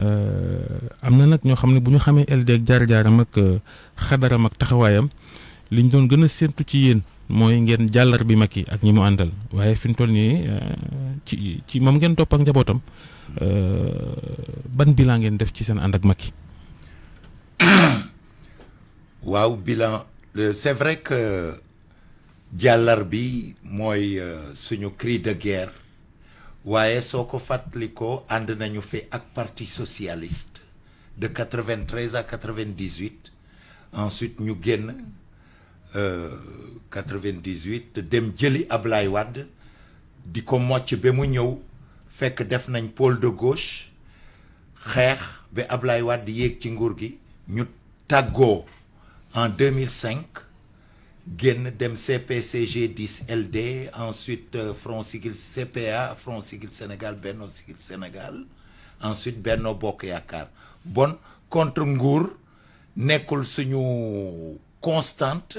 Euh, am amna nak ñoo xam ne bu ñu xamee LD ak jaar-jaaram euh, ak xadaram ak taxawaayam liñ doon gën a séentu ci yéen mooy ngeen jàllar bi mag yi ak ñi mu àndal waaye toll nii euh, ci ci ngeen ak ban bilan ngeen def ci seen ànd ak mag waaw bilan c'est vrai que jàllar bi suñu cri de guerre. waaye fait, ko qu'on a nañu fi ak parti socialiste de 93 à 98 ensuite ñu euh, 98 dem jëli Ablaye Wade di ko mocc be mu ñew fekk def nañ pôle de gauche xex be Ablaye wad yek ci nguur gi ñu taggo en 2005 génn dem CPCG 10 LD ensuite euh, Front Sigil CPA Front Sigil Sénégal Benno Sigil Sénégal ensuite Benno Bokk bon contre Ngour, nous suñu constante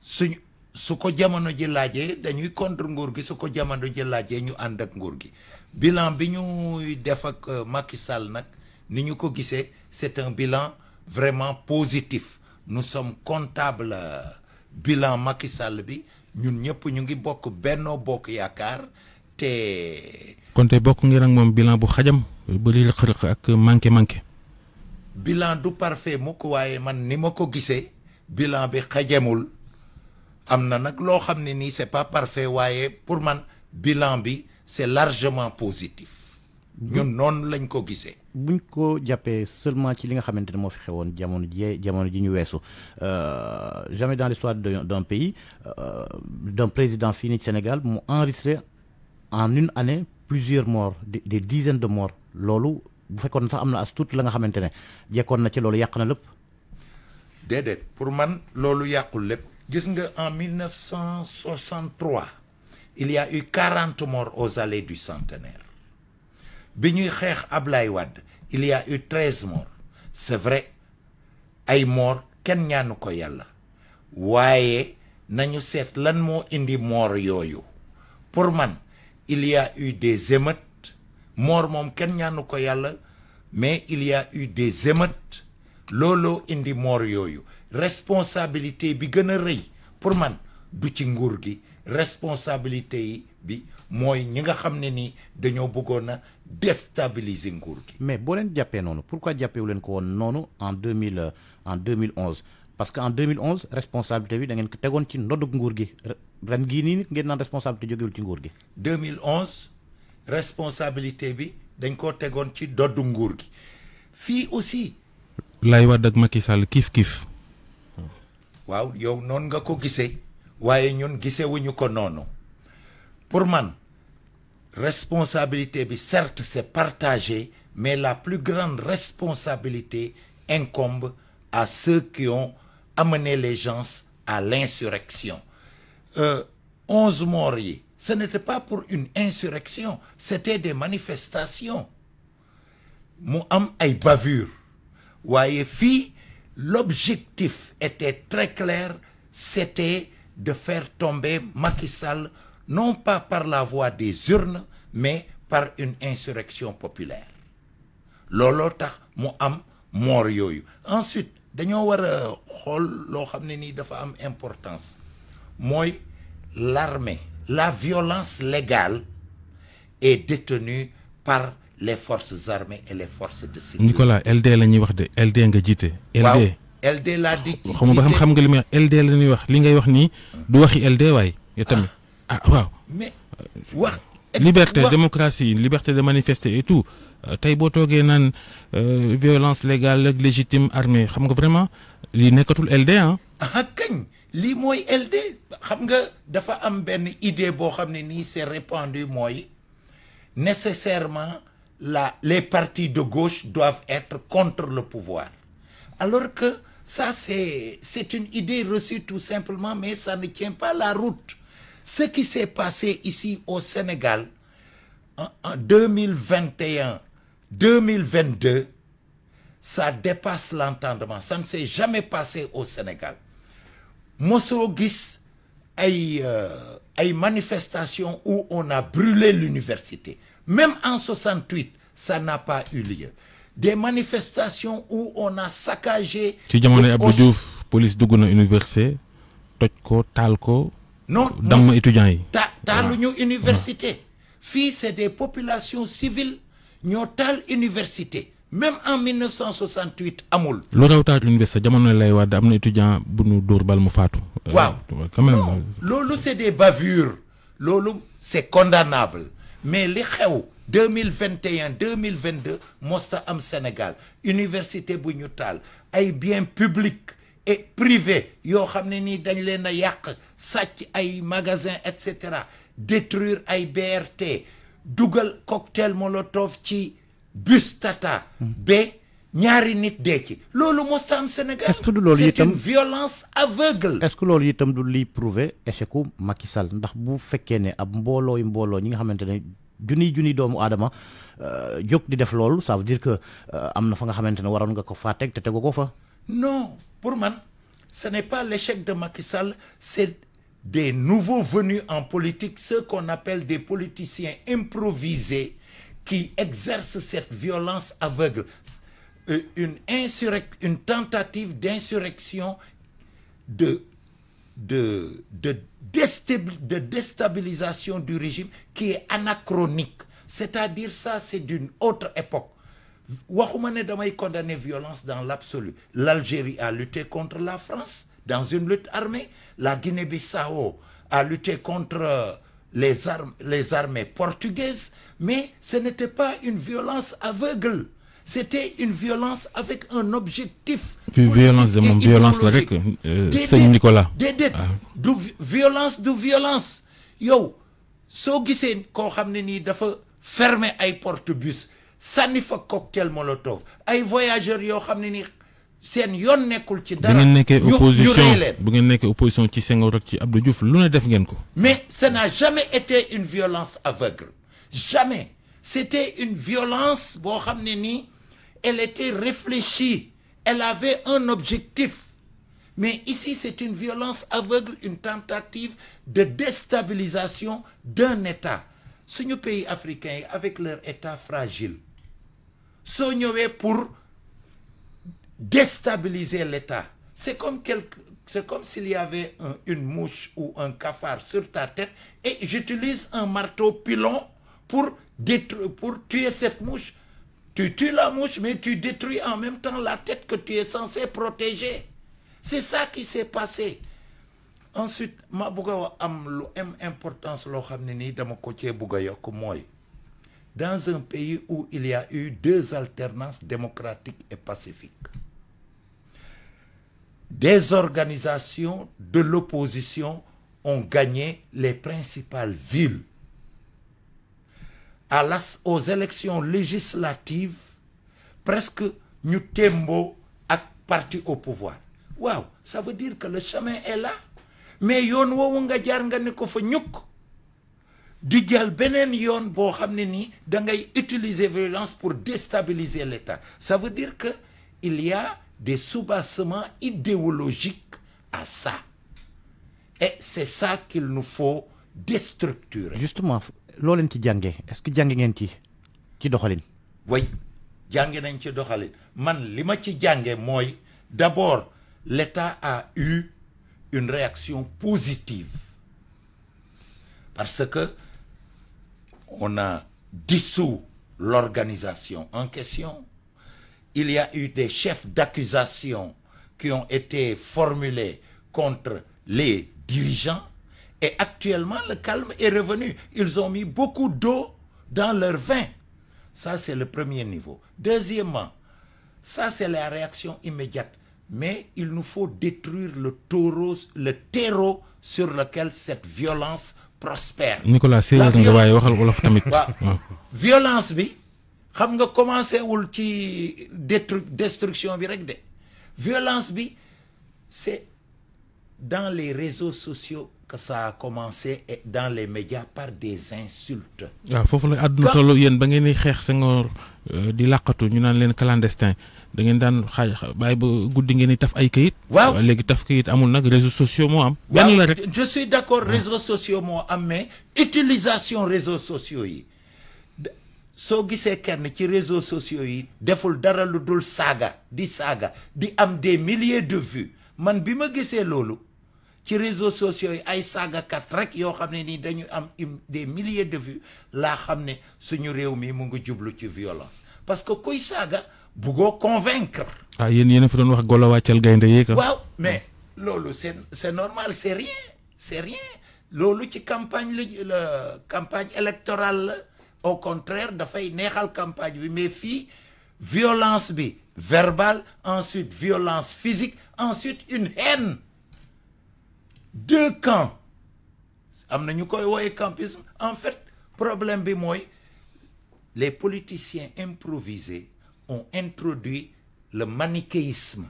ce que jamono ji laajee dañuy contre Ngour gi suko jamono ji laajee ñu and ak Ngour gi bilan bi ñuy def ak euh, Macky Sall nag ko c'est un bilan vraiment positif nous sommes comptables euh, bilan Macky Sall bi ñun ñëpp ñu ngi bokk benno bokk yaakar te. kon tey bokk ngir ak mom bilan bu xajam ba li ak manké manké bilan du parfait moko waaye man ni mako gissé bilan bi xajamul amna nak lo loo ni c'est pas parfait waaye pour man bilan bi c'est largement positif ñun noonu lañ ko gisee. buñ ko jàppee seulement ci li nga xamante ne moo fi xewoon jamono jii jamono ji ñu weesu euh, jamais dans l'histoire d'un pays euh, d'un président fini nii Sénégal mu enregistré en une année plusieurs morts des dizaines de morts loolu bu fekkoon sax am na as tuut la nga xamante ne jekkoon na ci loolu yàq na lépp. déedéet pour man loolu yàqul lépp. gis nga en 1963 il y a eu 40 morts aux allées du centenaire bi ñuy il y a eu treize morts c'est vrai ay morts ken ñaanu ko yàlla waaye nañu seet lan mo indi mort yoyu. pour man il y a eu des émeutes Mort m'om ken ñaanu ko mais il y a eu des émeutes Lolo indi mort yoyu. responsabilité bi gëna reuy. pour man du ci nguur gi responsabilité yi bi moy ñi nga xam ni dañoo bëggoon a déstabiliser nguur gi. mais boo leen jàppee noonu pourquoi wu leen ko woon noonu en deux en deux parce que en 2011 responsabilité bi da ngeen ko tegoon ci ndoddug nguur gi ren gii nii ngeen naan responsabilité jógewul ci nguur gi. 2011 responsabilité bi dañ koo tegoon ci doddu nguur gi fii aussi. lay Wàdd ak Macky Sall kif kif waaw yow noonu nga ko gisee waaye ñun gisewuñu ko noonu pour moi, responsabilité certes c'est partagé mais la plus grande responsabilité incombe à ceux qui ont amené les gens à l'insurrection. 11 euh, morts, ce n'était pas pour une insurrection, c'était des manifestations. Moi, am ay bavure. l'objectif était très clair, c'était de faire tomber Macky Sall non pas par la voie des urnes mais par une insurrection populaire Lolo tax mo am moor ensuite dañoo war a xool loo xam importance l'armée la violence légale est détenue par les forces armées et les forces de sécurité. Nicolas LD la wax de LD nga LD l'a di. xam nga xam nga li wax LD la dit wax li ngay wax nii du waxi LD waaye dit tamit. Ah, euh, liberté démocratie liberté de manifester et tout euh, tay euh, violence légale légitime armée xam vraiment LD hein. ah LD xam nga dafa idée nécessairement la les partis de gauche doivent être contre le pouvoir alors que ça c'est c'est une idée reçue tout simplement mais ça ne tient pas la route. Ce qui s'est passé ici au Sénégal en 2021, 2022, ça dépasse l'entendement. Ça ne s'est jamais passé au Sénégal. il Gis a une euh, manifestation où on a brûlé l'université. Même en 68, ça n'a pas eu lieu. Des manifestations où on a saccagé... Tu police Université, Totko, Talko, non damm étudiants Dans ta universités. université c'est des populations civiles ñoo université même en 1968 amul lo raw ta université jamono lay wax da am étudiant bu ñu dóor bal mu faatu euh, waaw quand même euh, lolu c'est des bavures lolu c'est condamnable mais li xew 2021 2022 mosta am Sénégal université bu ñu tal ay biens publics et privé, yo xamné ne dañ leena a yàq ay magasin et cetera détruire ay BRT dougal cocktail molotov ci bus Tata hmm. ba ñaari nit dee ci lolu mo am Sénégal. est-ce que itam c'est une violence aveugle. est-ce que lolu itam du li prouver échecu Macky Sall ndax bu fekkee né ab mbolo yi mbolo ñi nga xamante ne. junniy junniy doomu aadama euh, jóg di def lolu ça veut dire que euh, am fa nga xamanté ne waroon nga ko faté té te ko fa. non pour moi, ce n'est pas l'échec de Macky Sall c'est des nouveaux venus en politique ceux qu'on appelle des politiciens improvisés qui exercent cette violence aveugle euh, une une tentative d'insurrection de de déstabilisation du régime qui est anachronique. C'est-à-dire ça, c'est d'une autre époque waxuma ne damay condamner violence dans l'absolu l'Algérie a lutté contre la France dans une lutte armée la Guinée-Bissau a lutté contre euh, les les armées portugaises mais ce n'était pas une violence aveugle c'était une violence avec un objectif violence de mon violence c'est euh, c'est Nicolas ah. violence du violence Yo, soo qui koo fermé les fermer bus pas un cocktail molotov ay voyageurs yo xam ni sen yon nekkul ci dara. bu ngeen nekkee opposition bu ngeen opposition ci ci Abdou Diouf lu ne def ngeen ko. mais ça n'a jamais été une violence aveugle jamais c'était une violence bo xam ni elle était réfléchie elle avait un objectif mais ici c'est une violence aveugle une tentative de déstabilisation d'un État suñu pays africain avec leur État fragile pour déstabiliser l'État c'est comme quelque c'est comme s'il y avait une mouche ou un cafard sur ta tête et j'utilise un marteau pilon pour pour tuer cette mouche tu tues la mouche mais tu détruis en même temps la tête que tu es censé protéger c'est ça qui s'est passé ensuite je importance dans un pays où il y a eu deux alternances démocratiques et pacifiques. Des organisations de l'opposition ont gagné les principales villes. aux élections législatives, presque nous tembo à parti au pouvoir. Waouh, ça veut dire que le chemin est là. Mais yon wo nga di jël beneen yoon boo xam da ngay utiliser violence pour déstabiliser l'État ça veut dire que il y a des sous soubassements idéologiques à ça et c'est ça qu'il nous faut déstructurer. justement lo len ci jangé, est-ce que jangé ngén ci ci doxalin. way Jangé nañ ci doxalin man lima ci jangé moy d'abord l'État a eu une réaction positive parce que on a dissous l'organisation en question. Il y a eu des chefs d'accusation qui ont été formulés contre les dirigeants. Et actuellement, le calme est revenu. Ils ont mis beaucoup d'eau dans leur vin. Ça, c'est le premier niveau. Deuxièmement, ça, c'est la réaction immédiate. Mais il nous faut détruire le, le terreau sur lequel cette violence prospère. Nicolas c'est violence bi xam commencé destruction bi violence c'est dans les réseaux sociaux que ça a commencé et dans les médias par des insultes. Il da ngeen daan xaaj bàyyi ba guddi ngeen taf ay kayit. waaw léegi taf kayit amul nag réseaux sociaux moo am. benn la rek je suis d'accord réseaux sociaux moo am mais utilisation réseaux sociaux yi soo gisee kenn ci réseaux sociaux yi deful dara lu dul saaga di saaga di am des milliers de vues man bi ma gisee loolu ci réseaux sociaux yi ay kat rek yoo xam ne nii dañu am des milliers de vues laa xam ne suñu réew mi mu ngi jublu ci violence parce que kuy saaga pour convaincre. ah yéen yéen a que golawa wax golo wàccal gaynde yeeg waaw mais lolo c'est c'est normal c'est rien c'est rien lolo ci campagne la campagne électorale au contraire dafay neexal campagne bi mais fi, violence bi verbale ensuite violence physique ensuite une haine deux camps amener nous quoi koy wooye campisme en fait problème bi mooy les politiciens improvisés ont introduit le manichéisme.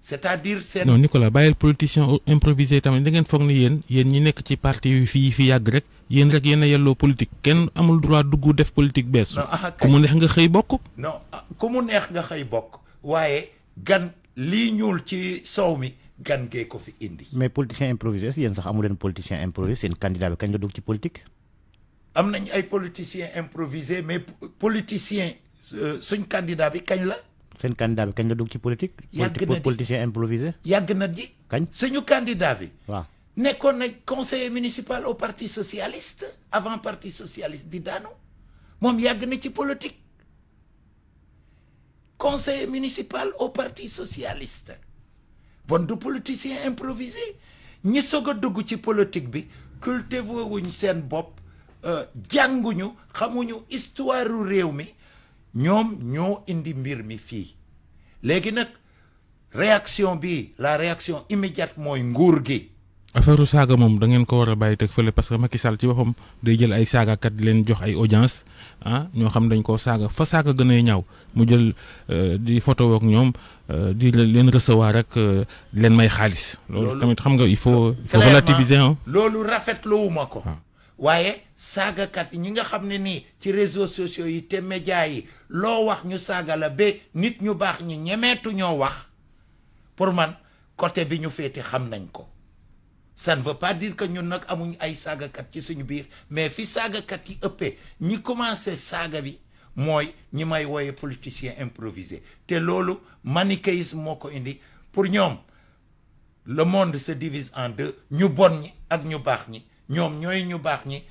c'est-à-dire c'est non Nicolas Bayel politicien improvisé tamit da ngeen foog yeen yeen ñi nek ci parti yu fi fi yàgg rek yeen rek yeen a politique ken amul droit de def politique baisse ah, ku mu neex nga xey bok non comme ah, mu neex nga xey bok waye gan li ñuul ci sawmi gan ge ko fi indi. mais politicien improvisé yeen sax amul len politicien improvisé un candidat bi kañ la ci politique. am nañ ay politiciens improvisés mais politiciens ce euh, candidat bi kagn la. candidat bi est la ci politique. politicien improvisé. candidat bi. conseiller municipal au parti socialiste avant parti socialiste didano est politique conseiller municipal au parti socialiste bon du politicien improvisé ñi qui a ci politique bi cultivé wuñ bop euh xamuñu histoire réew mi ñoom ñoo indi mbir mi fii léegi nag réaction bi la réaction immédiate mooy nguur gi. affaire saaga moom da ngeen ko war a bàyyi teg fële parce que Macky Sall ci boppam day jël ay kat di leen jox ay audience ah ñoo xam dañ koo saaga fa saaga gën a ñaaw mu jël euh, di photo ak ñoom euh, di leen recevoir ak euh, leen may xaalis. loolu tamit xam nga il faut. il faut relativiser ah. loolu rafetluwuma ko. Ah waye saga ñi nga xamné ni ci réseaux sociaux yi té médias yi saga. wax ñu la nit ñu ñi pour man côté bi ñu xam nañ ko ça ne veut pas dire que ñun nak amuñ ay saga ci suñu biir mais fi yi ñi commencé bi ñi may politicien improvisé manichéisme pour le monde se divise en deux ñu ñom ñoy ñu bax ñi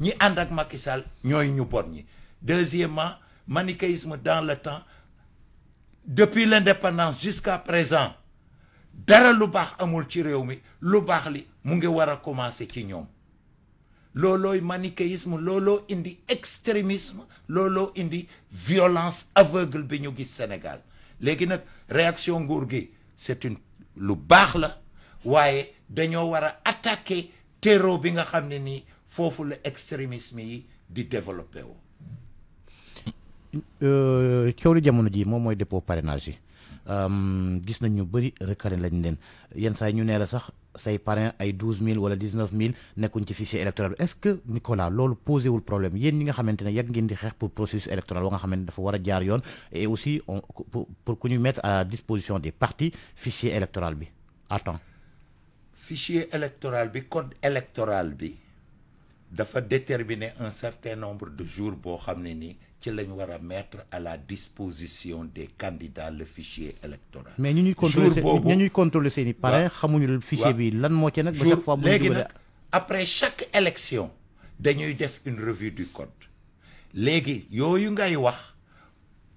ñi and ak Macky Sall ñooy ñu borñi ñi deuxièmement manichéisme dans le temps depuis l'indépendance jusqu'à présent dara lu bax amul ci réew mi lu bax li mu ngi wara commencer ci ñom loolooy manichéisme lolo indi extrémisme lolo indi violence aveugle bi ñu gis Sénégal légui nak réaction nguur gi c'est une lu bax la waaye dañoo wara attaquer terreau bi nga xamné ni fofu le extrémisme yi di développé wu. Euh, coow li jamono ji moom mooy dépôt parrainage yi euh, gis nañ ñu bëri recalé lañ leen yenn saa ñu nee sax say parrain ay 12 mille wala dix neuf mille nekkuñ ci fichier électoral est ce que Nicolas loolu posé wul problème yéen ñi nga xamante ne yàgg ngeen di xeex pour processus électoral wa nga xamante ne dafa war a jaar yoon et aussi on pour ku ñu mettre à disposition des partis fichier électoral bi à temps fichier électoral bi code électoral bi dafa déterminer un certain nombre de jours bo xamné ni ci lañ wara mettre à la disposition des candidats le fichier électoral. mais ñu ñuy contrôler ñu ñuy contrôler seen i parrain xamuñu fichier bi lan mo ci nak ba chaque fois bu léegi après chaque élection dañuy def une revue du code légui yoyu ngay wax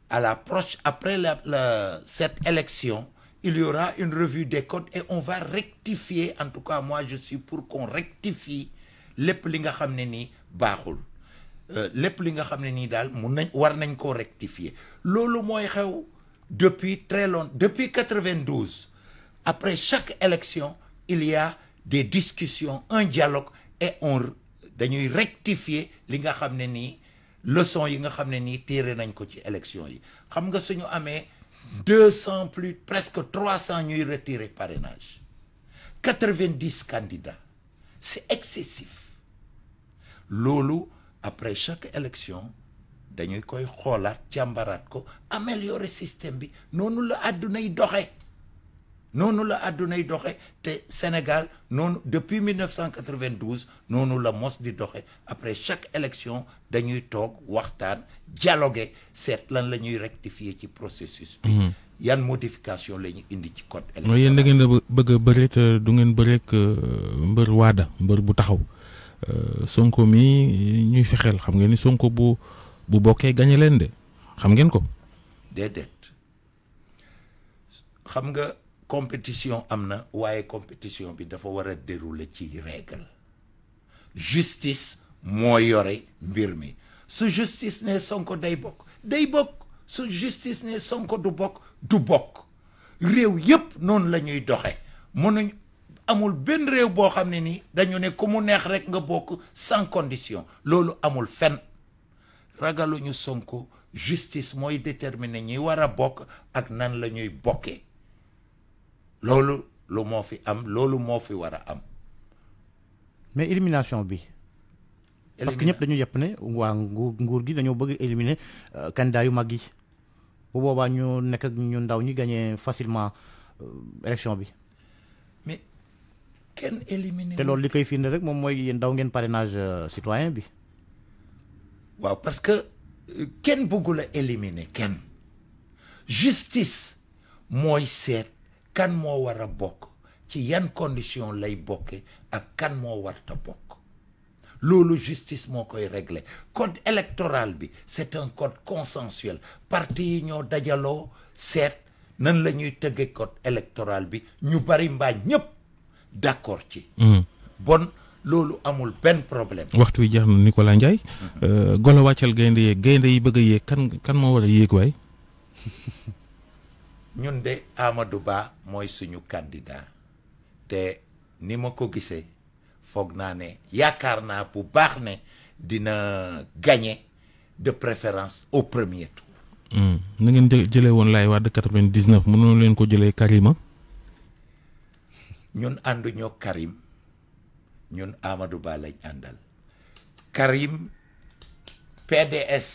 à l'approche après la la cette élection il y aura une revue des codes et on va rectifier en tout cas moi je suis pour qu'on rectifie les li nga xam ni euh, rectifier depuis très long depuis 92 après chaque élection il y a des discussions un dialogue et on dañuy rectifier li nga le leçon nga 200 plus presque 300 ñuy retirer parrainage 90 candidats c'est excessif Loulou, après chaque élection nous avons amélioré le améliorer système Nous nous la a donné nous, la donné le Sénégal non depuis 1992 Nous, la mos di après chaque élection dañuy tok waxtan dialoguer seet lan nous rectifier ci processus Il mhm. yan modification indi ci code électoral a une modification du ngeen euh, mbeur bu taxaw compétition amna waye compétition bi dafa wara dérouler ci règle justice mo yoré mbir mi su justice ne Sonko day bok day bok su justice ne Sonko du bok du bok réew yépp non la doxé doxe amul ben réew bo xamné ne dañu ne kumu neex rek nga bok sans condition lolu amul fen ragaluñu Sonko justice moy déterminer ñi wara bok ak nan la bokké Lolo lu am lolo mo fi am. mais élimination bi. parce que nous, dañu yep ne wa nguur bëgg éliminer euh, candidat yu bu facilement euh, élection bi. mais Ken éliminer. ndaw ngeen parrainage euh, citoyen bi. parce que Ken bëggula éliminer Ken. justice moy sét kan mo wara bok ci yan condition lay bokke ak kan mo warta bok lolu justice moo koy régler code électoral bi c'est un code consensuel parti yi ñoo set seet nan lañuy ñuy code électoral bi ñu bari mbaa ñep d'accord ci hmm. bon lolu amul ben problème waxtu wi jeex na Nicolas Ndiaye mm-hmm. euh, golo wàccal gaynde yee gaynde yi bëgg a kan kan mo wara a way ñun de Amadou Ba mooy suñu candidat te ni ma ko gisee foog naa ne yaakaar naa bu baax ne dina gagner de préférence au premier tour. Hmm. na ngeen jëlee woon Laye Wade quatre-vingt-dix-neuf mënoo leen ko jëlee Karima. ñun ànduñoo Karim ñun Amadou Ba lañ àndal Karim PDS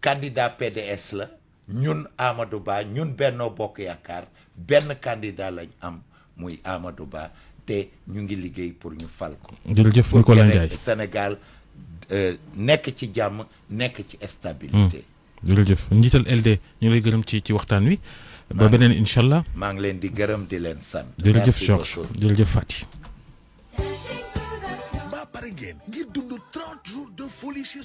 candidat PDS la. ñun Amadou Ba ñun Benno Bokk Yaakaar benn candidat lañ am muy Amadou Ba te ñu ngi liggéey pour ñu fal ko. jërëjëf Nicolas Ndiaye Sénégal euh, nekk ci jàmm nekk ci stabilité. Hmm. jërëjëf njiital LD ñu ngi lay gërëm ci ci waxtaan wi. ba beneen incha allah maa ngi leen di gërëm di leen sant. jërëjëf Georges jërëjëf Fati. chez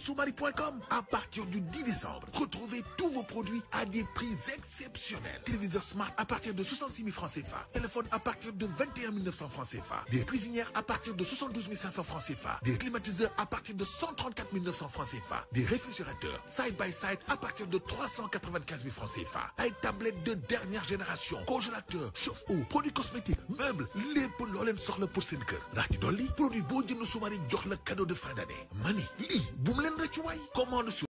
À partir du 10 décembre, retrouvez tous vos produits à des prix exceptionnels. Téléviseur smart à partir de 66 000 francs CFA. Téléphone à partir de 21 900 francs CFA. Des cuisinières à partir de 72 500 francs CFA. Des climatiseurs à partir de 134 900 francs CFA. Des réfrigérateurs side by side à partir de 395 000 francs CFA. une tablette de dernière génération. Congélateur, chauffe-eau, produits cosmétiques, meubles, Les pour leen pour ci doli, produit boo Soumari cadeau de fin d'année. Mani Li. bu mu leen rëccu waay commande